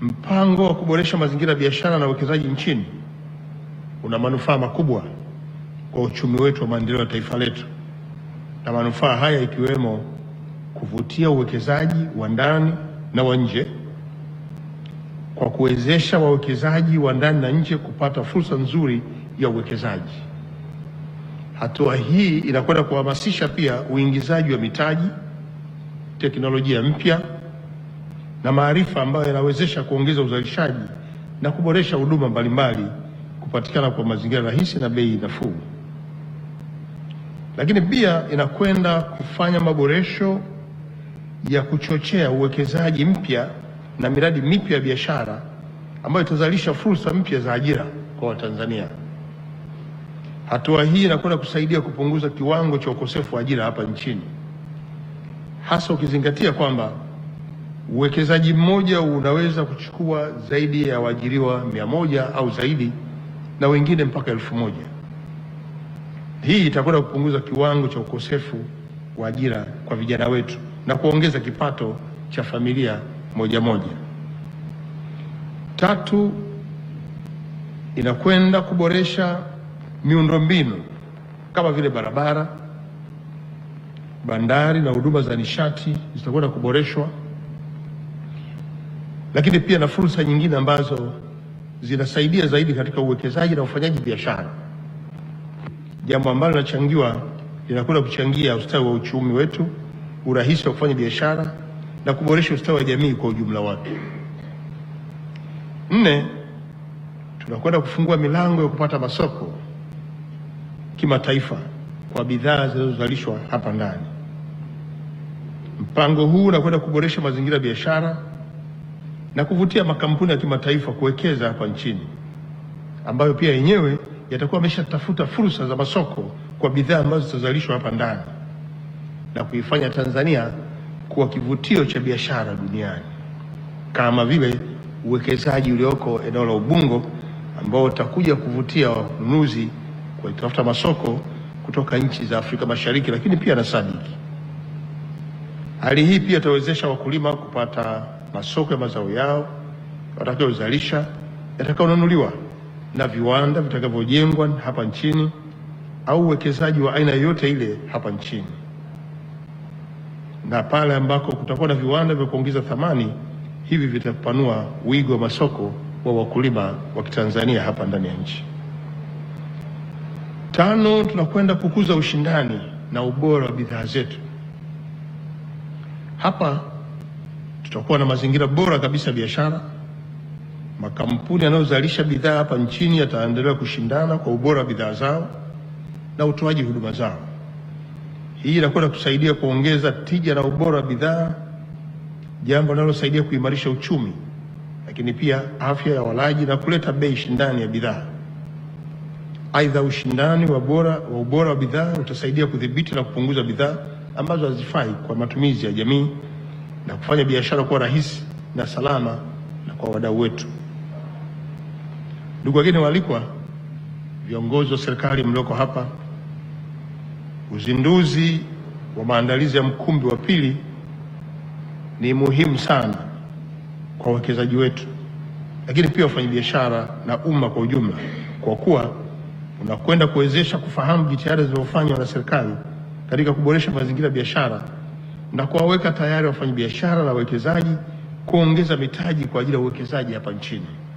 Mpango wa kuboresha mazingira ya biashara na uwekezaji nchini una manufaa makubwa kwa uchumi wetu wa maendeleo ya taifa letu, na manufaa haya ikiwemo kuvutia uwekezaji wa ndani na wa nje kwa kuwezesha wawekezaji wa ndani na nje kupata fursa nzuri ya uwekezaji. Hatua hii inakwenda kuhamasisha pia uingizaji wa mitaji, teknolojia mpya na maarifa ambayo yanawezesha kuongeza uzalishaji na kuboresha huduma mbalimbali kupatikana kwa mazingira rahisi na bei nafuu. Lakini pia inakwenda kufanya maboresho ya kuchochea uwekezaji mpya na miradi mipya ya biashara ambayo itazalisha fursa mpya za ajira kwa Watanzania. Hatua hii inakwenda kusaidia kupunguza kiwango cha ukosefu wa ajira hapa nchini, hasa ukizingatia kwamba Uwekezaji mmoja unaweza kuchukua zaidi ya waajiriwa mia moja au zaidi na wengine mpaka elfu moja. Hii itakwenda kupunguza kiwango cha ukosefu wa ajira kwa vijana wetu na kuongeza kipato cha familia moja moja. Tatu, inakwenda kuboresha miundombinu kama vile barabara, bandari na huduma za nishati zitakwenda kuboreshwa lakini pia na fursa nyingine ambazo zinasaidia zaidi katika uwekezaji na ufanyaji biashara, jambo ambalo linachangiwa linakwenda kuchangia ustawi wa uchumi wetu, urahisi wa kufanya biashara na kuboresha ustawi wa jamii kwa ujumla wake. Nne, tunakwenda kufungua milango ya kupata masoko kimataifa kwa bidhaa zinazozalishwa hapa ndani. Mpango huu unakwenda kuboresha mazingira ya biashara na kuvutia makampuni ya kimataifa kuwekeza hapa nchini ambayo pia yenyewe yatakuwa ameshatafuta fursa za masoko kwa bidhaa ambazo zitazalishwa hapa ndani na kuifanya Tanzania kuwa kivutio cha biashara duniani kama vile uwekezaji ulioko eneo la Ubungo ambao utakuja kuvutia wanunuzi kwa kutafuta masoko kutoka nchi za Afrika Mashariki, lakini pia na sadiki. Hali hii pia itawezesha wakulima kupata masoko ya mazao yao watakayozalisha yatakayonunuliwa na viwanda vitakavyojengwa hapa nchini au uwekezaji wa aina yoyote ile hapa nchini, na pale ambako kutakuwa na viwanda vya kuongeza thamani, hivi vitapanua wigo wa masoko wa wakulima wa Kitanzania hapa ndani ya nchi. Tano, tunakwenda kukuza ushindani na ubora wa bidhaa zetu hapa tutakuwa na mazingira bora kabisa biashara. Makampuni yanayozalisha bidhaa hapa nchini yataendelea kushindana kwa ubora wa bidhaa zao na utoaji huduma zao. Hii inakwenda kusaidia kuongeza tija na ubora wa bidhaa, jambo linalosaidia kuimarisha uchumi, lakini pia afya ya walaji na kuleta bei shindani ya bidhaa. Aidha, ushindani wa bora wa ubora wa bidhaa utasaidia kudhibiti na kupunguza bidhaa ambazo hazifai kwa matumizi ya jamii na kufanya biashara kuwa rahisi na salama na kwa wadau wetu. Ndugu wageni waalikwa, viongozi wa serikali mlioko hapa, uzinduzi wa maandalizi ya mkumbi wa pili ni muhimu sana kwa wawekezaji wetu, lakini pia wafanyabiashara na umma kwa ujumla, kwa kuwa unakwenda kuwezesha kufahamu jitihada zinazofanywa na serikali katika kuboresha mazingira ya biashara na kuwaweka tayari wafanyabiashara na wawekezaji kuongeza mitaji kwa ajili ya uwekezaji hapa nchini.